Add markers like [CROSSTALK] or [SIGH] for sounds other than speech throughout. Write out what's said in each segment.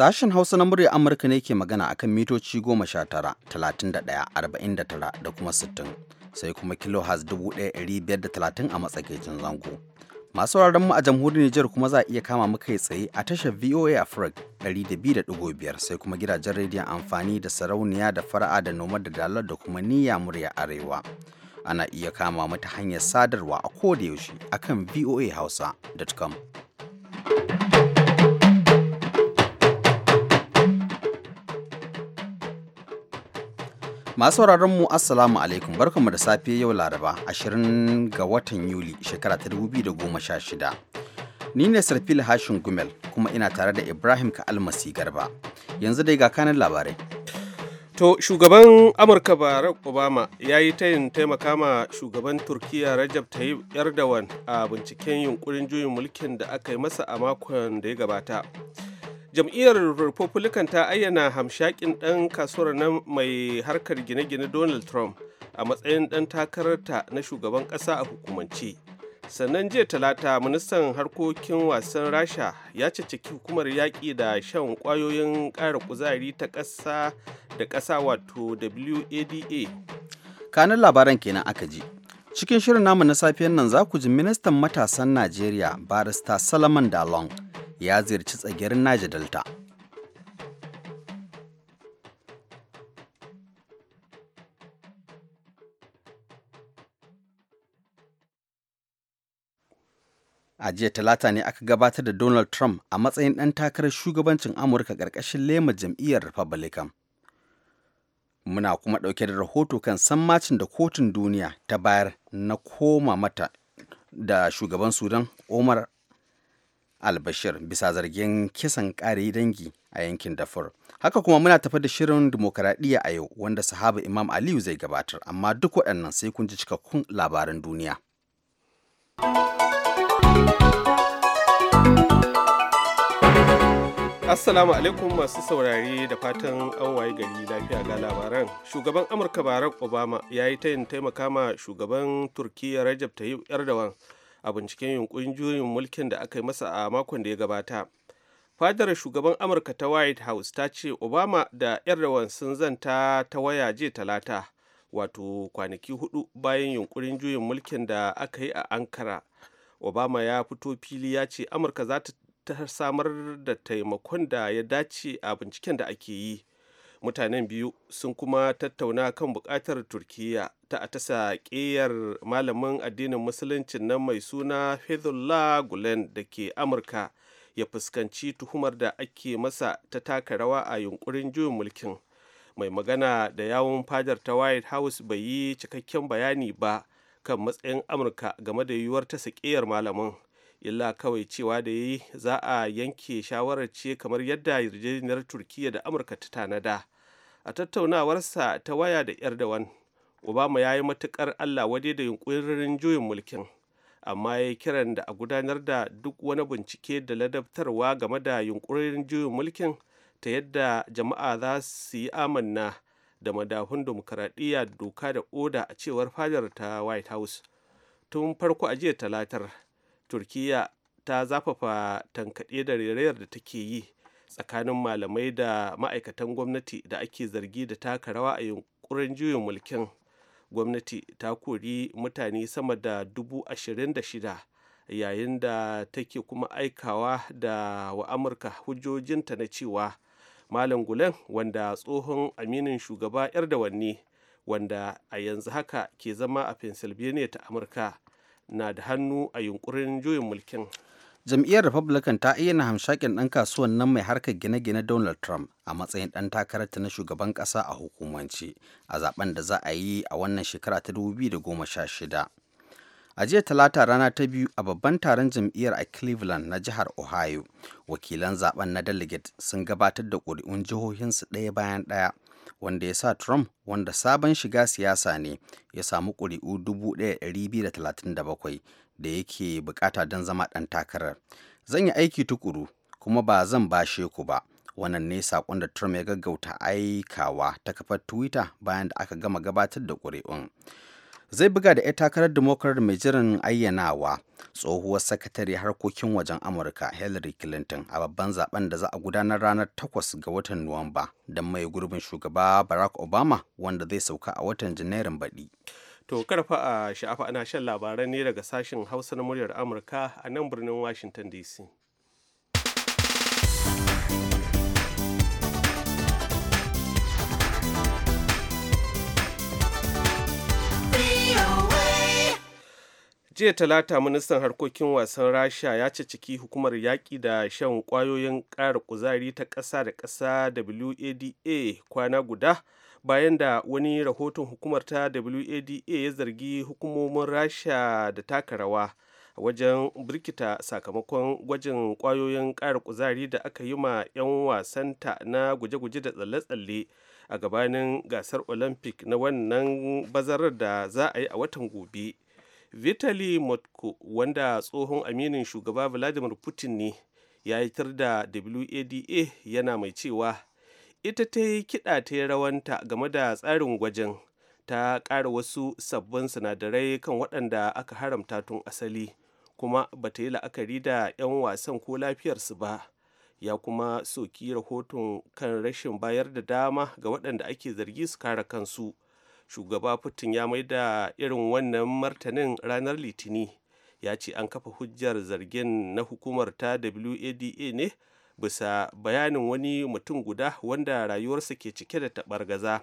Sashen Hausa na muryar Amurka ne ke magana a kan mitoci 19, 31, 49 da kuma 60, sai kuma kilohaz 1530 a matsakaicin zango. Masu mu a jamhuriyar Nijar kuma za a iya kama muka kai tsaye a tashar VOA Africa 200.5 sai kuma gidajen rediyon amfani da sarauniya da fara'a da noma da dalar da kuma niyya murya arewa. Ana iya kama mu ta hanyar sadarwa a koda yaushe akan voahausa.com. Masu mu Assalamu alaikum barkanmu da safe yau Laraba 20 ga watan Yuli shekara ta dubu da goma sha shida Ni ne Sarfil Hashin Gumel kuma ina tare da Ibrahim almasi Garba. Yanzu dai ga kanan labarai. To shugaban Amurka Barack Obama ya yi tayin taimaka ma shugaban Turkiyya Rajab Tayyip Erdogan a binciken yunkurin juyin mulkin da aka yi masa a makon da ya gabata. jam'iyyar republican ta ayyana hamshakin ɗan kasuwar na mai harkar gine-gine donald trump a matsayin ɗan takararta na shugaban ƙasa a hukumance sannan jiya talata ministan harkokin wasan rasha ya cecaki hukumar yaƙi da shan kwayoyin ƙara kuzari ta ƙasa da ƙasa wato wada kanin labaran kenan aka ji cikin shirin namu na safiyan nan za ku ji ministan matasan najeriya barista salaman dalong ya ziyarci tsagiyar Naja Delta. A jiya talata ne aka gabatar da Donald Trump a matsayin ɗan takarar shugabancin Amurka ƙarƙashin lema jam'iyyar Republican. Muna kuma ɗauke da rahoto kan sammacin da kotun duniya ta bayar na koma mata da shugaban Sudan Omar albashir bisa zargin kisan kare dangi a yankin dafur haka kuma muna tafa da shirin dimokuraɗiyya a yau wanda sahaba imam aliyu zai gabatar amma duk waɗannan sai kun ji cikakkun labaran duniya Assalamu alaikum masu saurare da fatan an waye gari lafiya ga labaran. Shugaban Amurka Barack Obama ya yi tayin taimaka ma shugaban Turkiyya Rajab Tayyip Erdogan a binciken yunkurin juyin mulkin da aka yi masa a makon da ya gabata fadar shugaban amurka ta white house ta ce obama da erdogan sun zanta ta waya je talata wato kwanaki hudu bayan yunkurin juyin mulkin da aka yi a ankara obama ya fito fili ya ce amurka za ta samar da taimakon da ya dace a binciken da ake yi mutanen biyu sun kuma tattauna kan bukatar turkiya ta a tasa ƙeyar malamin addinin musuluncin na mai suna fethullah gulen da ke amurka ya fuskanci tuhumar da ake masa ta taka rawa a yunkurin juyin mulkin mai magana da yawon fadar ta white house bai yi cikakken bayani ba kan matsayin amurka game da yiwuwar tasa ƙeyar malamin illa kawai cewa da yi za a yanke shawarar ce kamar yadda yarjejeniyar turkiya da amurka ta tanada a tattaunawarsa ta waya da erdogan obama ya yi matukar allah waje da yunkurin juyin mulkin amma ya yi kiran da a gudanar da duk wani bincike da ladabtarwa game da yunkurin juyin mulkin ta yadda jama'a za su yi amanna da madahun dimokuraɗiyya doka da oda a cewar fadar ta white house tun farko a jiya talatar turkiya ta zafafa tankaɗe da rairayar da take yi tsakanin malamai da ma'aikatan gwamnati da ake zargi da taka rawa a yunkurin juyin mulkin gwamnati ta kori mutane sama da dubu ashirin da shida yayin da take kuma aikawa da wa amurka hujjojinta na cewa malam gulen wanda tsohon aminin shugaba yar wanne wanda a yanzu haka ke zama a pennsylvania ta amurka na da hannu a yunkurin juyin mulkin jam'iyyar republican ta ayyana hamshakin ɗan kasuwan nan mai harkar gine-gine donald trump a matsayin ɗan takararta na shugaban ƙasa a hukumance a zaben da za a yi a wannan shekara ta 2016 a jiya talata rana ta biyu a babban taron jam'iyyar a cleveland na jihar ohio wakilan zaben na delegate sun gabatar da ƙuri'un jihohinsu ɗaya bayan ɗaya wanda ya sa Trump wanda sabon shiga siyasa ne ya samu ƙuri'u 1,237 da yake bukata don zama ɗan takarar. Zan yi aiki tukuru kuma ba zan bashe ku ba. Wannan ne saƙon da Trump ya gaggauta aikawa ta kafar Twitter bayan da aka gama gabatar da ƙuri'un. zai buga da 'yar takarar democrat mai jiran ayyanawa tsohuwar sakatare harkokin wajen amurka hillary clinton a babban zaben da za a gudanar ranar 8 ga watan nuwamba don mai gurbin shugaba barack obama wanda zai sauka a watan janairun baɗi to karfa a sha'afa ana shan labaran ne daga sashen hausa na muryar amurka a nan birnin washington dc jiya talata ministan harkokin wasan rasha ya ciki hukumar yaƙi da shan ƙwayoyin ƙara kuzari ta ƙasa da ƙasa wada kwana guda bayan da wani rahoton hukumar ta wada ya zargi hukumomin rasha da taka rawa wajen birkita sakamakon gwajin ƙwayoyin ƙara kuzari da aka yi ma 'yan wasanta na guje-guje da tsalle-tsalle a gabanin gasar olympic na wannan bazarar da za a yi a watan gobe. vitali motko wanda tsohon aminin shugaba vladimir putin ne ya yitar da wada yana mai cewa ita ta yi kiɗa ta yi rawanta game da tsarin gwajin ta ƙara wasu sabbin sinadarai kan waɗanda aka haramta tun asali kuma ba ta yi la'akari da 'yan wasan ko lafiyarsu ba ya kuma soki rahoton kan rashin bayar da dama ga waɗanda ake zargi su kare kansu. shugaba putin ya mai da irin wannan martanin ranar litini ya ce an kafa hujjar zargin na hukumar ta wada ne bisa bayanin wani mutum guda wanda rayuwarsa ke cike da taɓargaza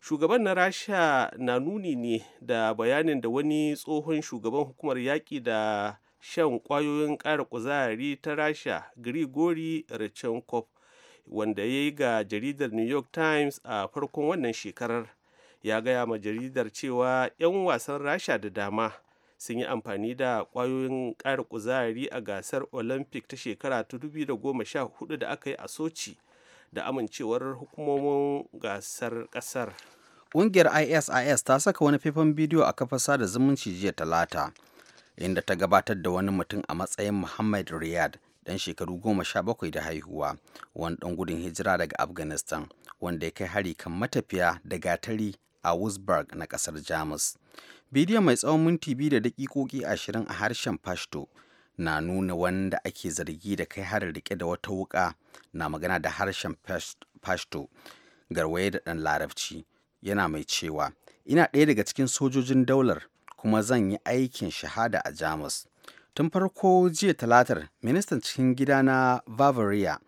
shugaban na rasha na nuni ne da bayanin da wani tsohon shugaban hukumar yaƙi da shan ƙwayoyin ƙara kuzari ta rasha grigori richenkov wanda ya yi ga jaridar new york times a farkon wannan shekarar ya gaya ma jaridar cewa 'yan wasan rasha da dama sun yi amfani da kwayoyin ƙara kuzari a gasar olympic ta shekara ta 2014 da aka yi a sochi da amincewar hukumomin gasar kasar. ƙungiyar isis ta saka wani faifan bidiyo a kafar sada zumunci jiya talata inda ta gabatar da wani mutum a matsayin muhammad riyad dan shekaru goma sha bakwai da haihuwa wani dan gudun hijira daga afghanistan wanda ya kai hari kan matafiya da gatari a Wurzburg na kasar Jamus. Bidiyon mai tsawon minti biyu da daƙiƙoƙi ashirin a harshen Pashto na nuna wanda ake zargi da kai harin rike da wata wuƙa na magana da harshen Pashto garwaye da ɗan larabci yana mai cewa ina ɗaya daga cikin sojojin daular kuma zan yi aikin shahada a Jamus. Tun farko jiya talatar ministan cikin gida na Bavaria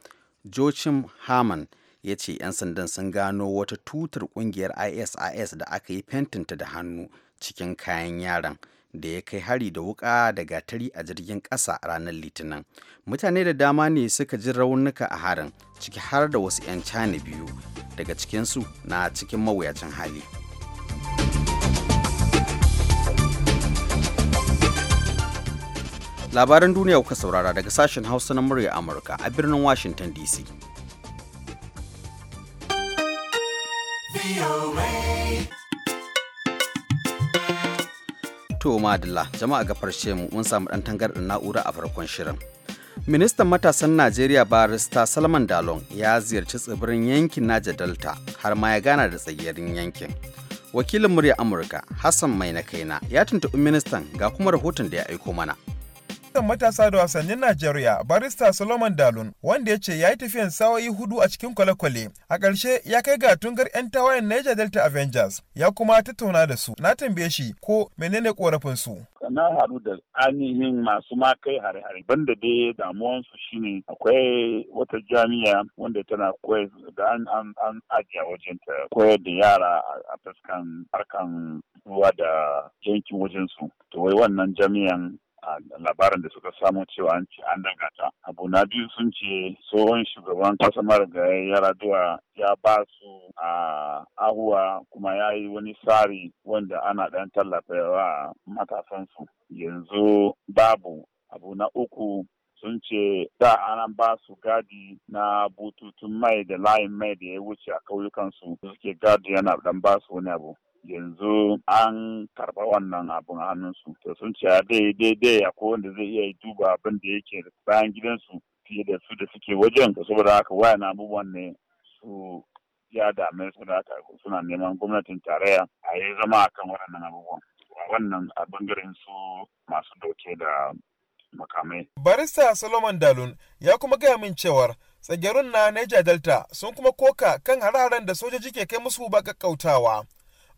Joachim Hamann ya ce 'yan sandan sun gano wata tutar kungiyar isis da aka yi fentinta da hannu cikin kayan yaran da ya kai hari da wuka da gatari a jirgin ƙasa ranar litinin mutane da dama ne suka ji raunuka a harin ciki har da wasu 'yan cani biyu daga cikinsu na cikin mawuyacin hali labaran duniya kuka saurara daga sashen hausa na murya amurka a birnin washington dc To madalla jama'a ga farshe mu mun samu dan tangarɗin na'ura a farkon shirin. Ministan matasan Najeriya barista Salman Dalon ya ziyarci tsibirin yankin Naja Delta har ma ya gana da tsayyarin yankin. Wakilin murya Amurka Hassan Mai na kaina ya tuntuɓi ministan ga kuma rahoton da ya aiko mana. ministan matasa da wasannin Najeriya barista Solomon Dalun wanda ya ce ya yi tafiyan sawayi hudu a cikin kwale-kwale. A ƙarshe ya kai ga tungar 'yan tawayen Niger Delta Avengers ya kuma tattauna da su. Na tambaye shi ko menene korafin su. Na haɗu da ainihin masu ma kai hare-hare banda dai damuwansu shine akwai wata jami'a wanda tana koyar da an an an ajiye wajen ta koyar da yara a fuskan harkan ruwa da yankin wajen su. To wai wannan jami'an A labarin da suka samu cewa an ce an daga Abu na biyu sun ce tsohon shugaban kasa marigayi ya raduwa ya ba su a ahuwa kuma ya yi wani tsari wanda ana ɗan tallafawa matasansu. Yanzu babu abu na uku sun ce da ana ba su gadi na bututun mai da layin mai da ya wuce a kauyukansu suke gadi yana dan ba su wani abu yanzu an karba wannan abin hannunsu to sun ce dai daidai ko wanda zai iya duba abin da yake bayan gidansu fiye da su da suke wajen ka saboda haka na abubuwan ne su ya dame su da haka suna neman gwamnatin tarayya a yi zama a kan waɗannan abubuwan wannan a bangaren su masu doke da makamai. Barista Solomon Dalun ya kuma gaya min cewar tsagerun na Niger Delta sun kuma koka kan hararen da sojoji ke kai musu ba kakkautawa.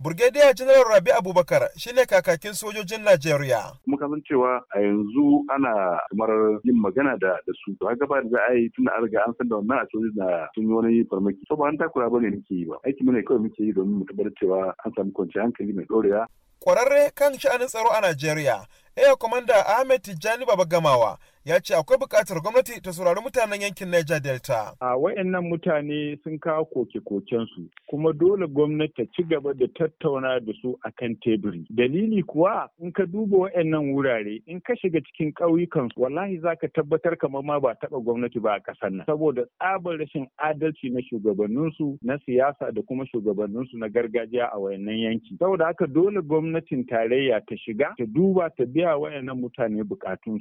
Burgediya General Rabi Abubakar shine kakakin sojojin Najeriya. Muka san cewa a yanzu ana kamar yin magana da da su to haka ba da za a yi tun an riga an san da wannan a sojojin da sun yi wani farmaki. To ba an takura bane muke yi ba. Aiki ne kawai muke yi domin mu tabbatar cewa an samu kwanciyar hankali mai ɗorewa. Kwararre kan sha'anin tsaro a Najeriya, Air Commander Ahmed Tijjani Baba Gamawa ya ce akwai buƙatar gwamnati ta saurari mutanen yankin Niger Delta. A wayannan mutane sun kawo koke-kokensu kuma dole gwamnati ta ci gaba da tattauna da su akan teburi. Dalili kuwa in ka duba wayannan wurare in ka shiga cikin ƙauyukan wallahi zaka tabbatar kamar ma ba taɓa gwamnati ba a ƙasar nan saboda tsabar rashin adalci na shugabanninsu na siyasa da kuma shugabanninsu na gargajiya a wayannan yanki. Saboda haka dole gwamnatin tarayya ta shiga ta duba ta biya wayannan mutane bukatunsu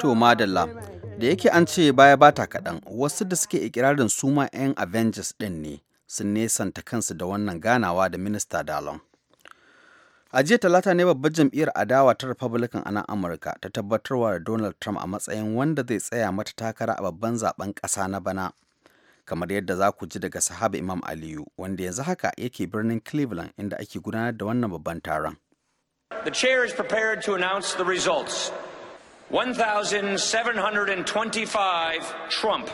To madalla, da yake an ce baya bata kaɗan, wasu da suke ikirarin suma 'yan Avengers ɗin ne sun nesanta kansu da wannan ganawa da Minista Dalon. A jiya talata ne babbar jam'iyyar adawa ta Republican a nan Amurka ta tabbatarwa da Donald Trump a matsayin wanda zai tsaya mata takara a babban zaben ƙasa na bana. Kamar yadda za ku ji daga sahaba Imam Aliyu, wanda yanzu haka yake birnin Cleveland inda ake gudanar da wannan babban taron. The chair is prepared to announce the results. 1,725 Trump.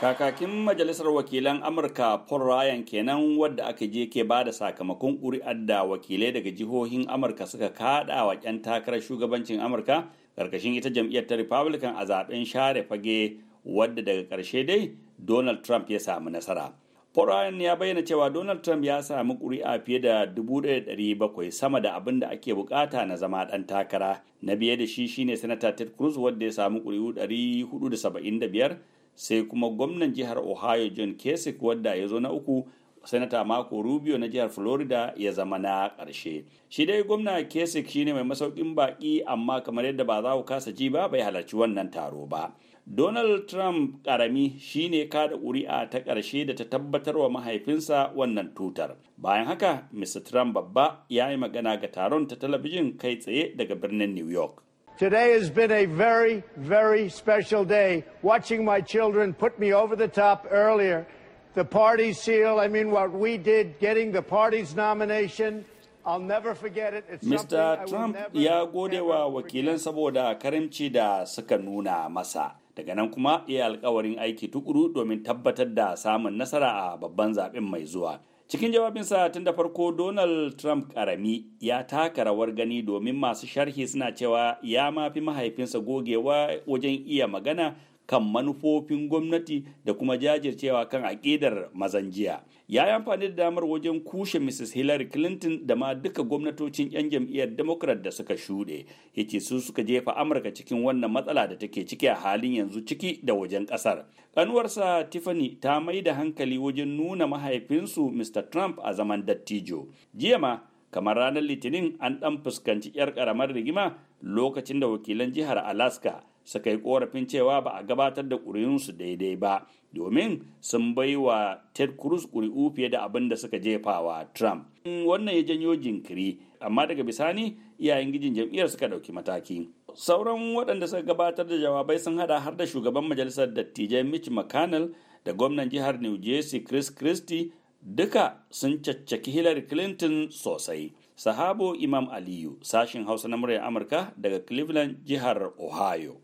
Kakakin Majalisar Wakilan Amurka Paul Ryan kenan wadda aka je ke ba da sakamakon ƙuri'ar da wakilai daga jihohin Amurka suka kaɗa wa 'yan takarar shugabancin Amurka ƙarƙashin ita jam'iyyar ta Republican a zaben share fage wadda daga ƙarshe dai Donald Trump ya samu nasara. Ryan ya bayyana cewa Donald Trump ya samu ƙuri'a fiye da 1,700 sama da abin da ake bukata na zama ɗan takara. Na biye da shi shine Sanata Ted Cruz wadda ya samu ƙuri'u 475 sai kuma gwamnan jihar Ohio John Kasich wadda ya zo na uku Sanata Marco Rubio na jihar Florida ya zama na ƙarshe. Shi dai gwamna Kasich shine mai masaukin baƙi amma kamar yadda ba za ku kasa ji ba bai halarci wannan taro ba. Donald Trump karami shine kada ƙuri'a ta ƙarshe da ta tabbatar wa mahaifinsa wannan tutar. Bayan haka, Mr. Trump babba ya yi magana ga taron ta talabijin kai tsaye daga birnin New York. Today has been a very, very special day. Watching my children put me over the top earlier. The party seal, I mean, what we did getting the party's nomination. Mr. Trump ya gode wa wakilan saboda karimci da suka nuna masa daga nan kuma iya alkawarin aiki tukuru domin tabbatar da samun nasara a babban zaben mai zuwa cikin jawabinsa tun da farko donald trump karami ya taka rawar gani domin masu sharhi suna cewa ya mafi mahaifinsa gogewa wajen iya magana kan manufofin gwamnati da kuma jajircewa kan aƙidar mazan jiya ya yi amfani da damar wajen kushe mrs hillary clinton da ma duka gwamnatocin 'yan jam'iyyar democrat da suka shuɗe ya ce su suka jefa amurka cikin wannan matsala da take ciki a halin yanzu ciki da wajen ƙasar ƙanuwarsa tiffany ta mai da hankali wajen nuna mahaifinsu mr trump a zaman dattijo jiya ma kamar ranar litinin an ɗan fuskanci 'yar ƙaramar rigima lokacin da wakilan jihar alaska suka yi korafin cewa ba a gabatar da ƙuri'unsu daidai ba domin sun bai wa ted cruz ƙuri'u fiye da abin da suka jefa wa trump mm, wannan ya janyo jinkiri amma daga bisani iyayen gijin jam'iyyar suka ɗauki mataki sauran waɗanda suka gabatar da jawabai sun hada har da shugaban majalisar dattijai mitch mcconnell da gwamnan jihar new jersey chris christie duka sun caccaki hillary clinton sosai sahabo imam aliyu sashin hausa na murya amurka daga cleveland jihar ohio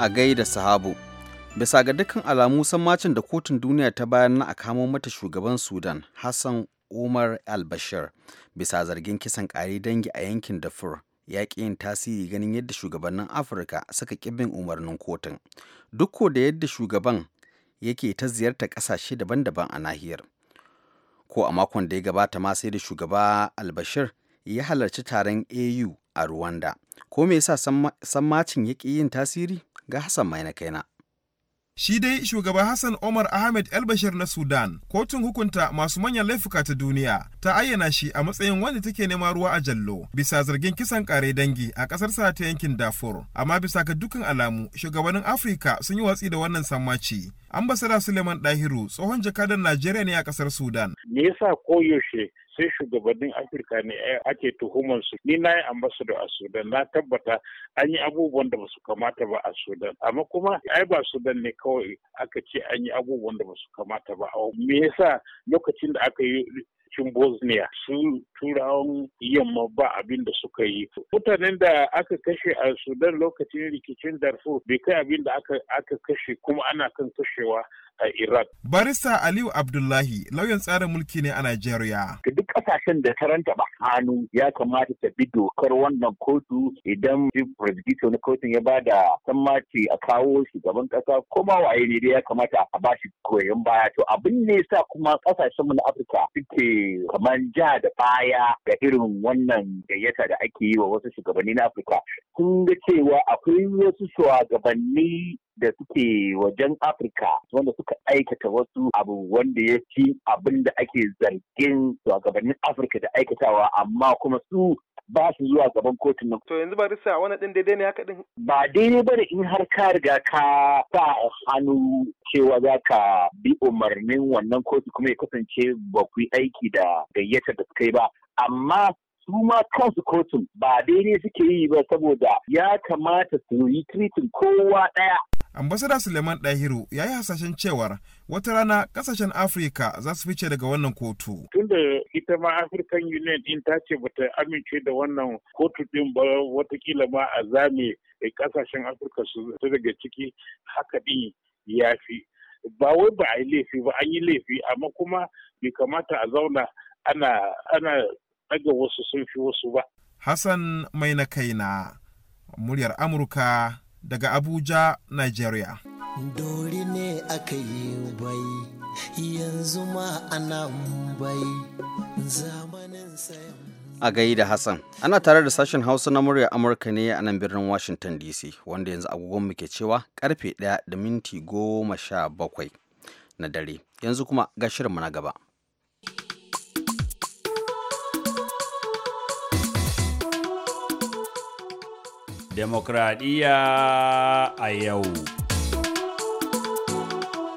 a gaida sahabu bisa ga dukkan alamu sammacin da kotun duniya ta bayar na a kamo mata shugaban sudan hassan umar al-bashir bisa zargin kisan kare dangi a yankin dafur ya ƙi yin tasiri ganin yadda shugabannin afirka suka ƙibin umarnin kotun duk ko da yadda shugaban yake ta ziyarta ƙasashe daban-daban a nahiyar ko a makon da ya gabata ma sai da shugaba albashir ya halarci taron au a rwanda ko me yasa sammacin ya ƙi yin tasiri ga Hassan mai na kaina. Shi dai shugaban Hassan Omar Ahmed El na Sudan, kotun hukunta masu manyan laifuka ta duniya, ta ayyana shi a matsayin wanda take neman ruwa a jallo bisa zargin kisan kare dangi a sa ta yankin Darfur. Amma bisa ga dukkan alamu, shugabannin Afirka sun yi watsi da wannan sammaci. Ambasada Suleiman Dahiru tsohon jakadan Najeriya ne a kasar Sudan. Me yasa koyaushe sai shugabannin Afirka ne eh, ake tuhumar su. Ni na yi ambasada a Sudan na tabbata an yi abubuwan da basu kamata ba a Sudan. Amma kuma ai ba Sudan ne kawai aka ce an yi abubuwan da basu kamata ba. Me yasa lokacin da aka yi yankin bosnia su turawan yamma ba abin da suka yi mutanen da aka kashe a sudan lokacin rikicin darfur bai kai abin da aka kashe kuma ana kan kashewa a Iraq. Barista Aliyu Abdullahi lauyan tsarin mulki ne a Najeriya. Duk kasashen da taranta ba hannu ya kamata ta bi dokar wannan kotu idan presbito na kotun ya bada sammaci a kawo shugaban kasa kuma waye ne dai ya kamata a bashi koyon baya to abin ne sa kuma kasashen mu na Afirka suke kamar ja da baya ga irin wannan gayyata da ake yi wa wasu shugabanni na Afirka sun ga cewa akwai wasu shugabanni da suke wajen Afirka wanda suka aikata wasu abu wanda ya ci abin da ake zargin shugabannin Afirka da aikatawa amma kuma su ba su zuwa gaban kotun nan. To yanzu ba risa wani ɗin daidai ne haka ɗin? Ba daidai ba da in har ka riga ka sa hannu cewa za ka bi umarnin wannan kotu kuma ya kasance ba ku aiki da gayyatar da suka yi ba. Amma su ma kansu kotun ba daidai suke yi ba saboda ya kamata su yi tritin kowa ɗaya. ambasada suleiman dahiru ya yi hasashen cewar wata rana kasashen afirka za su fice daga wannan kotu tunda ita ma african union din ta ce bata amince da wannan kotu din ba watakila ma a zame kasashen afirka su daga ciki haka din ya fi ba wai ba a yi laifi ba an yi laifi amma kuma bai kamata a zauna ana ana daga wasu sun fi wasu ba hassan mai na kaina muryar amurka daga Abuja, Nigeria. Dori ne aka yi bai, yanzu ma ana bai zamanin sayan a gaida Hassan. Ana tare da sashen Hausa na murya Amurka ne a nan birnin Washington DC, wanda yanzu agogon muke cewa karfe 1 da minti goma sha bakwai na dare. Yanzu kuma ga shirinmu na gaba. demokradiyya a yau.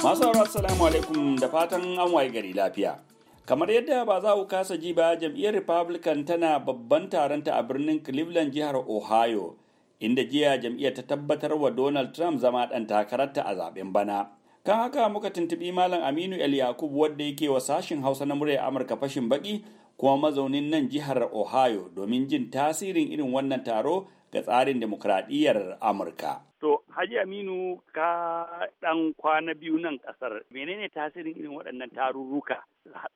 Masu haurar salamu alaikum da fatan an waye gari lafiya. Kamar yadda ba za ku kasa ji ba jam'iyyar Republican tana babban taronta a birnin Cleveland jihar Ohio, inda jiya jam'iyyar ta tabbatar wa Donald Trump zama ɗan takararta a zaben bana. Kan haka muka tuntuɓi Malam Aminu El Yakubu wadda yake wa sashin Hausa na murya Amurka fashin baƙi, kuma mazaunin nan jihar Ohio domin jin tasirin irin wannan taro ga tsarin demokradiyyar Amurka. To, Haji Aminu ka ɗan kwana biyu nan ƙasar, menene tasirin irin waɗannan tarurruka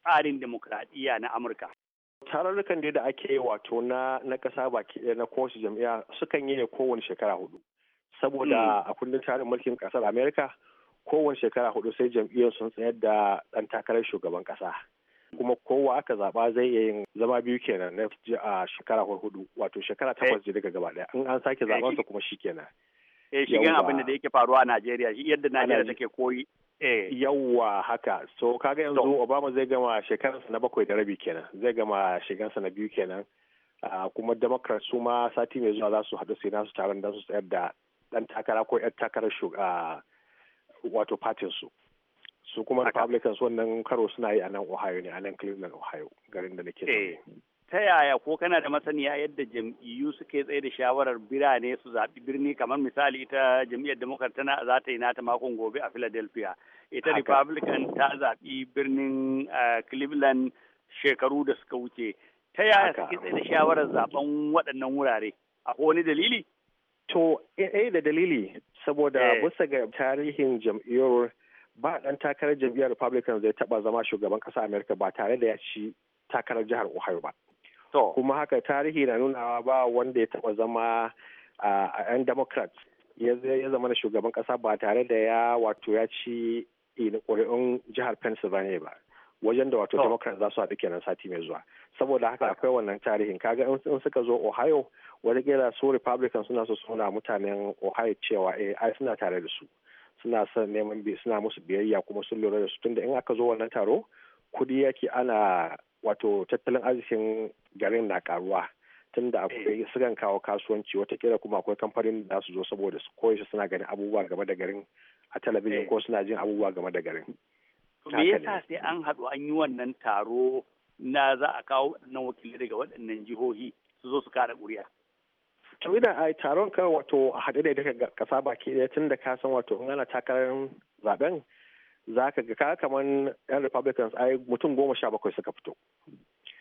tsarin demokradiyya na Amurka? Tarurrukan da ake yi wato na na ƙasa baki ɗaya na kowace jam'iyya sukan yi ne kowane shekara hudu. Saboda hmm. a kundin tarin mulkin ƙasar Amerika, kowane shekara hudu sai jam'iyyar sun tsayar da ɗan takarar shugaban ƙasa. kuma kowa aka zaba zai iya yin zama biyu kenan na a shekara hudu wato shekara eh. takwas je daga gaba daya in an sake zaben eh, sa kuma shikenan eh shi gan abin da yake faruwa a Najeriya shi yadda Najeriya take koyi eh yawa haka so kaga yanzu Obama zai gama shekarar sa na bakwai da rabi kenan zai gama shigan sa na biyu kenan kuma Democrat su ma sati mai zuwa za su haɗu sai nasu taron da su tsayar da ɗan takara ko 'yar takarar wato patinsu. su su kuma republicans wannan karo suna yi a nan ohio ne a nan cleveland ohio garin da nake eh, ta yaya ko kana da masaniya yadda jam'iyyu suke tsaye da shawarar birane su zaɓi birni kamar misali ita jam'iyyar democrat tana za ta yi nata makon gobe a philadelphia ita republican ta zaɓi birnin eh, cleveland shekaru da suka wuce ta yaya suke tsaye da shawarar zaɓen waɗannan wurare a wani dalili to eh, eh da dalili saboda bisa ga tarihin jam'iyyar ba dan takarar jam'iyyar republican zai taɓa zama shugaban ƙasa america ba tare da ya ci takarar jihar ohio ba kuma haka tarihi na nunawa ba wanda ya taɓa zama a 'yan democrats ya zama na shugaban ƙasa ba tare da ya wato ya ci eh, ƙuri'un jihar pennsylvania ba wajen da wato democrats za su haɗu kenan sati mai zuwa saboda haka akwai wannan tarihin kaga in suka zo ohio wani kila su republican suna so suna mutanen ohio cewa eh ai suna tare da su suna son neman bi suna musu biyayya kuma sun lura da su tunda in aka zo wannan taro kudi yake ana wato tattalin arzikin garin na karuwa tunda akwai gan kawo kasuwanci watakila kuma akwai kamfanin da su zo saboda su koyi suna ganin abubuwa game da garin a talabijin eh. ko suna jin abubuwa game da garin. Me yasa sai an haɗu an yi wannan taro na za a kawo waɗannan wakilai daga waɗannan jihohi su zo su kara ƙuri'a? to ina a taron ka wato a haɗe da daga ƙasa baki ɗaya tun da ka san wato in ana takarar zaben za ka ga ka kamar yan republicans ai mutum goma sha bakwai suka fito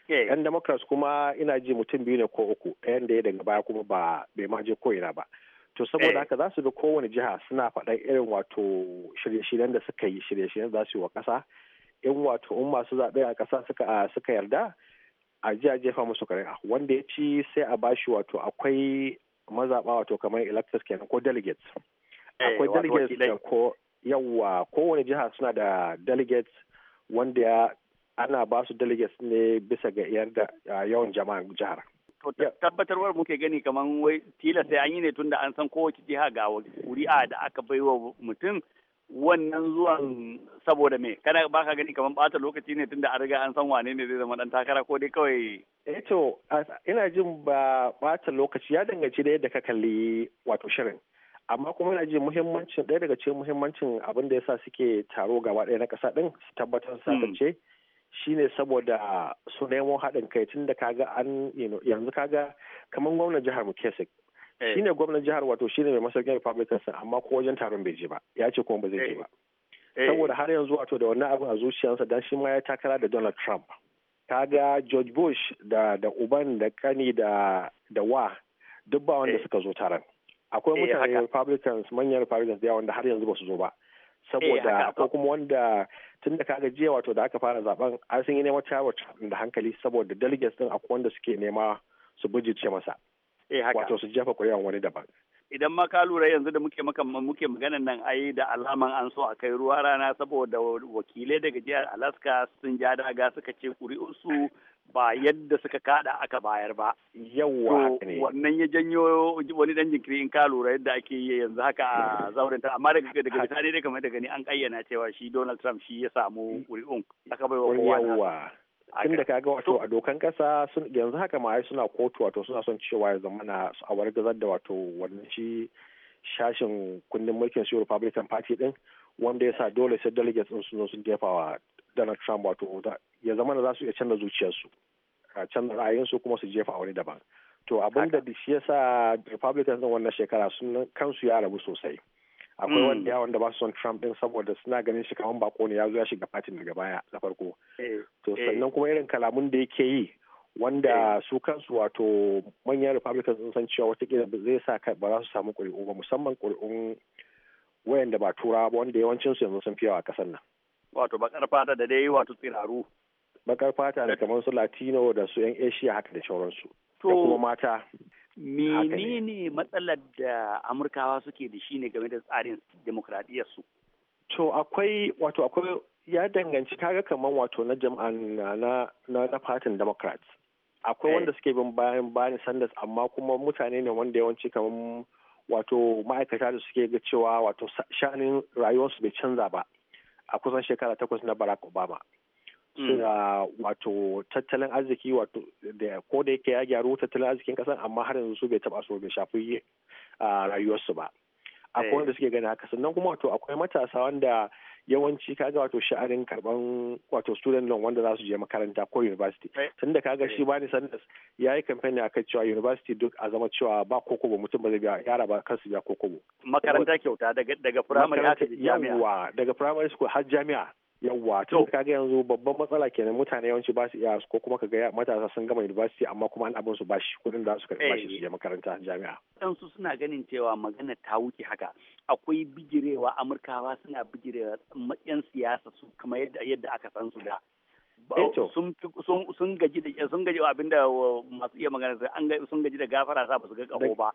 yan eh. democrats kuma ina ji mutum biyu ne ko uku ɗayan da ya daga baya kuma ba bai ma je ko ba to saboda eh. haka za su bi kowane jiha suna faɗan irin wato shirye-shiryen da suka yi shirye-shiryen za su yi wa ƙasa in wato in masu zaɓe a ƙasa suka yarda a ji a jefa musu kare wanda ya ci sai a bashi wato akwai mazaɓa wato kamar electors kenan ko delegates eh, akwai delegates da ko yawa kowane jiha suna da delegates wanda ya ana ba su delegates ne bisa ga yarda yawan jama'a jihar to tabbatarwar muke gani kamar tilasta an yi ne tunda an san kowace jiha ga kuri'a da aka baiwa mutum wannan zuwan saboda me kana ba ka gani kamar bata lokaci ne tunda a riga an san wane ne zai zama dan takara ko dai kawai eh to ina jin ba bata lokaci ya danganci da yadda ka kalli wato shirin amma kuma ina jin muhimmancin ɗaya daga cikin muhimmancin abin da yasa suke taro gaba ɗaya na ƙasa ɗin su tabbatar hmm. sakance shine saboda su nemo haɗin kai tun kaga an yanzu kaga kamar gwamnan jihar mu Eh. shine gwamnan jihar wato shine mai masaukin republicans amma ko wajen taron bai je ba ya ce kuma ba zai je eh. ba eh. saboda har yanzu wato da wannan abin a zuciyarsa dan shi ma ya takara da donald trump ga george bush da da uban da kani da da wa duk ba wanda suka zo taron akwai mutane republicans manyan republicans da yawa wanda har yanzu ba su zo ba saboda akwai kuma wanda tun da kaga jiya wato da aka fara zaben an sun yi neman da hankali saboda delegates din akwai wanda suke nema su bujice masa Eh, wato su jefa kuri'an wani daban idan ma ka lura yanzu da muke maka muke maganan nan ai da alaman an so a kai ruwa rana saboda wakilai daga jihar Alaska sun ja daga suka ce kuri'unsu ba yadda suka kada aka bayar ba. Yawwa ne. Wannan ya janyo wani dan jinkiri in ka lura yadda ake yi yanzu haka a [LAUGHS] zauren ta amma daga daga bisani da kamar daga ni an kayyana cewa shi Donald Trump shi ya samu kuri'un mm. aka bai wa kowa. tun da ka ga wato a dokan kasa yanzu haka ma suna kotu wato suna son cewa ya zama na a wargazar da wato wannan shi shashin kundin mulkin su republican party din wanda ya dole sai delegates din sun sun jefa wa donald trump wato ya zama na za su iya canza zuciyarsu canza ra'ayinsu kuma su jefa a wani daban to abin da shi yasa republicans din wannan shekara sun kansu ya rabu sosai akwai mm. wanda yawan da ba su son Trump din saboda suna ganin shi kamar bako ne ya zo ya shiga fatin daga baya na farko eh, to eh. sannan kuma irin kalamun da yake yi wanda eh. su kansu wato manyan Republicans sun san cewa watakila zai sa ba za su samu ƙuri'u ba musamman ƙuri'un wayanda ba turawa ba wanda yawancinsu yanzu sun fi a nan wato bakar fata da dai wato tsiraru bakar fata da kamar su latino da su yan asia haka da sauransu da kuma mata menene matsalar da amurkawa suke da shi ne game da tsarin su. to akwai wato akwai ya danganci kaga kamar wato na jama'a na na fatin democrats akwai eh. wanda suke bin bayan bani sanders amma kuma mutane ne wanda yawanci kamar wato ma'aikata da suke ga cewa wato sha'anin rayuwarsu bai canza ba a kusan shekara takwas na barack obama Mm. suna wato tattalin arziki wato da ko da yake ya gyaru tattalin arzikin kasar amma har yanzu su bai taba so bai shafi rayuwarsu ba akwai eh. wanda suke gani haka sannan kuma wato akwai matasa wanda yawanci kaga wato sha'anin karban wato student loan wanda za su je makaranta ko university eh. tun da kaga shi eh. bani sanders ya yi kamfani a kan cewa university duk a zama cewa ba kokobo mutum ba zai biya yara ba kansu biya kokobo makaranta kyauta daga primary jami'a daga primary school har jami'a yawwa to kaga yanzu babban matsala kenan mutane yawanci ba su iya ko kuma kaga matasa sun gama university amma kuma an abin su bashi kudin da su karɓi bashi su eh. je makaranta jami'a dan su suna ganin cewa magana ta wuce haka akwai bigirewa amurkawa suna bigirewa matsayin siyasa su kamar yadda aka san su da Eh sun gaji da sun gaji abin da uh, masu iya magana sai an sun gaji da gafara sa ba su ga kaho ba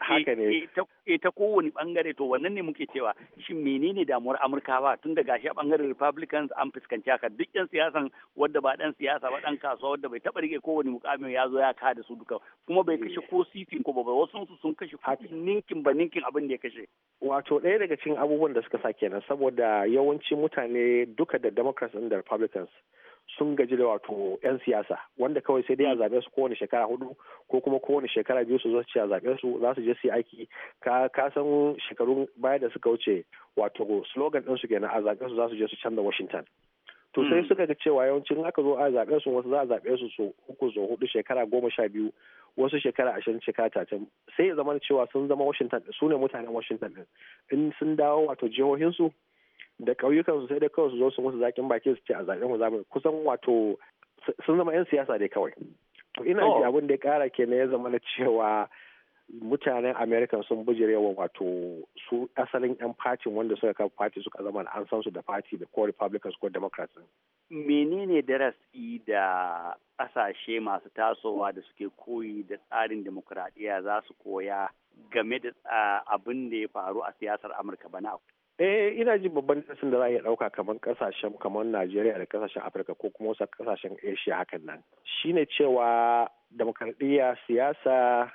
haka ne e ta kowane bangare to wannan ne muke cewa shi menene damuwar ba tun da gashi a bangaren republicans an fuskanci haka duk yan siyasan wanda ba dan siyasa ba dan kasuwa wanda bai taba rike kowane mukami ya zo ya kada su duka kuma bai kashe ko sifin ko ba wasu su sun kashe ninkin ba ninkin abin da ya kashe wato ɗaya daga cikin abubuwan da suka sa kenan saboda yawancin mutane duka da democrats da republicans sun gaji da wato 'yan siyasa wanda kawai sai dai a mm. zaɓe su kowane shekara hudu ko kuma kowane shekara biyu su zo ci a zaɓe su za su je su yi aiki ka san shekarun baya da suka wuce wato slogan ɗinsu kenan a zaɓe su za su je su canza Washington. to sai mm. suka ga cewa yawancin aka zo a zaɓe su wasu za a zaɓe su su uku zo hudu shekara goma sha biyu wasu shekara ashirin shekara can sai ya zama cewa sun zama washington su ne mutanen washington din in sun dawo wato jihohinsu da kauyukan su sai dai kawai su zo su musu zakin baki su ce a zaɓen mu za kusan wato sun zama 'yan siyasa dai kawai to ina ji oh. abin da ya ƙara ne ya zama na cewa mutanen america sun bijirewa wato su asalin yan fatin wanda suka kafa fati suka zama an san su da fati da ko republicans ko democrats menene darasi da ƙasashe masu tasowa da suke koyi da tsarin demokradiyya za su koya game da abin da ya faru a siyasar amurka bana eh ina jin babban darasin da za a iya ɗauka kamar kasashen kamar najeriya da kasashen afirka ko kuma wasu kasashen asia hakan nan shine cewa demokradiyya siyasa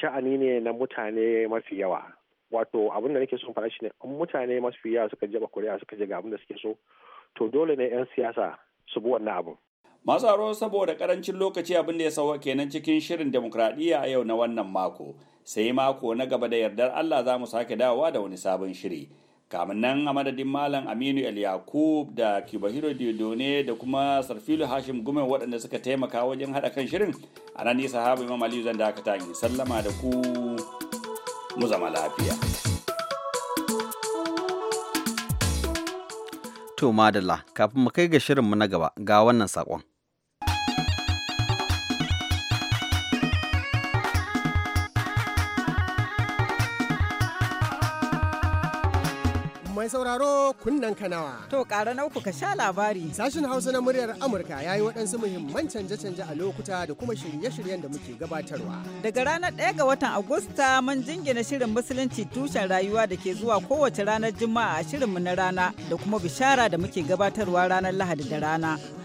sha'ani ne na mutane mafi yawa wato abin da nake so faɗa shine in mutane mafi yawa suka jaba kuri'a suka je abin da suke so to dole ne 'yan siyasa su bi wannan abin masu aro saboda karancin lokaci abin da ya sauwa kenan cikin shirin demokradiyya a yau na wannan mako sai mako na gaba da yardar allah za mu sake dawowa da wani sabon shiri kamun nan a madadin malam aminu el yakub da kibahiro diodone da kuma sarfilu hashim gumen waɗanda suka taimaka wajen haɗa kan shirin a nan nisa habu imam aliyu zan dakata in sallama da ku mu zama lafiya to madalla kafin mu kai ga shirin mu na gaba ga wannan saƙon mai sauraro kunnen kanawa. To ƙara na ka sha labari. Sashen Hausa na muryar Amurka ya yi waɗansu muhimman canje-canje a lokuta da kuma shirye-shiryen da muke gabatarwa. Daga ranar 1 ga watan Agusta mun jingina shirin musulunci tushen rayuwa da ke zuwa kowace ranar Juma'a a shirinmu na rana da kuma bishara da muke gabatarwa ranar Lahadi da rana.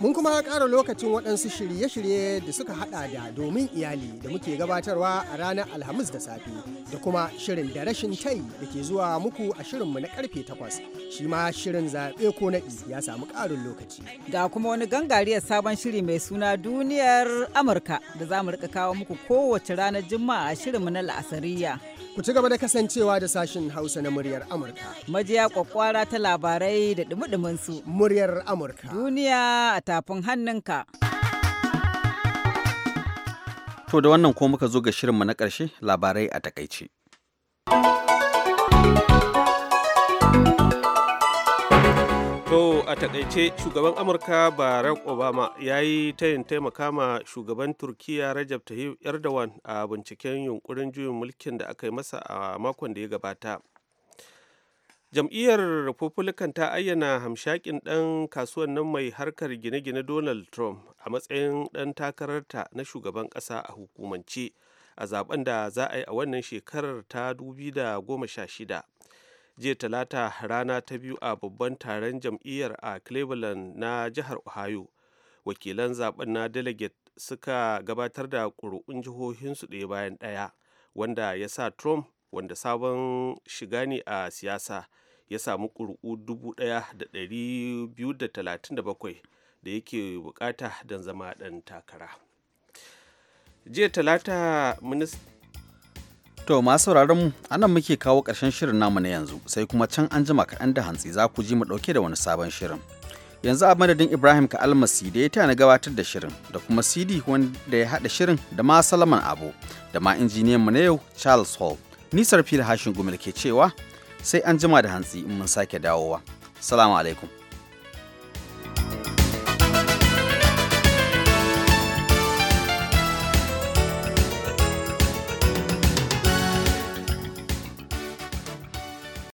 Mun kuma ƙara lokacin waɗansu shirye-shirye da suka haɗa da domin iyali da muke gabatarwa a ranar Alhamis da safe da kuma shirin da rashin tai da ke zuwa muku a shirinmu na karfe takwas. Shi ma shirin zaɓe ko naɗi ya samu ƙarin lokaci. Ga kuma wani gangariyar sabon shiri mai suna duniyar Amurka da za mu rika kawo muku kowace ranar Juma'a a shirinmu na La'asariya. Ku ci gaba da kasancewa da sashin Hausa na muryar Amurka. Majiya kwakwara ta labarai da dumi su. Muryar Amurka. Duniya a tafin hannunka. To da wannan ko muka zo ga shirinmu na ƙarshe labarai a takaice. To a takaice shugaban Amurka Barack Obama ya yi tayin taimaka ma shugaban Turkiyya Rajab Tayyip Erdogan a binciken yunkurin juyin mulkin da aka yi masa a makon da ya gabata. jam'iyyar republican ta ayyana hamshakin ɗan kasuwan nan mai harkar gine-gine donald trump a matsayin ɗan takararta na shugaban ƙasa a hukumance a zaben da za a yi a wannan shekarar ta 2016 jiya talata rana ta biyu a babban taron jam'iyyar a cleveland na jihar ohio wakilan zaben na delegate suka gabatar da ƙuri'un jihohinsu ɗaya bayan ɗaya wanda ya sa trump wanda sabon shiga ne a siyasa ya samu ƙuri'u 1,237 da yake bukata don zama ɗan takara jiya talata minista To masu mu anan muke kawo ƙarshen shirin namu na yanzu sai kuma can an jima kaɗan da hantsi za ku ji mu ɗauke da wani sabon shirin. Yanzu a madadin Ibrahim ka almasi da ya ta na gabatar da shirin da kuma CD wanda ya haɗa shirin da ma Salaman abu da ma injiniyan mu na yau Charles Hall. Nisar fil hashin gumil ke cewa sai an jima da hantsi in mun sake dawowa. Salamu alaikum.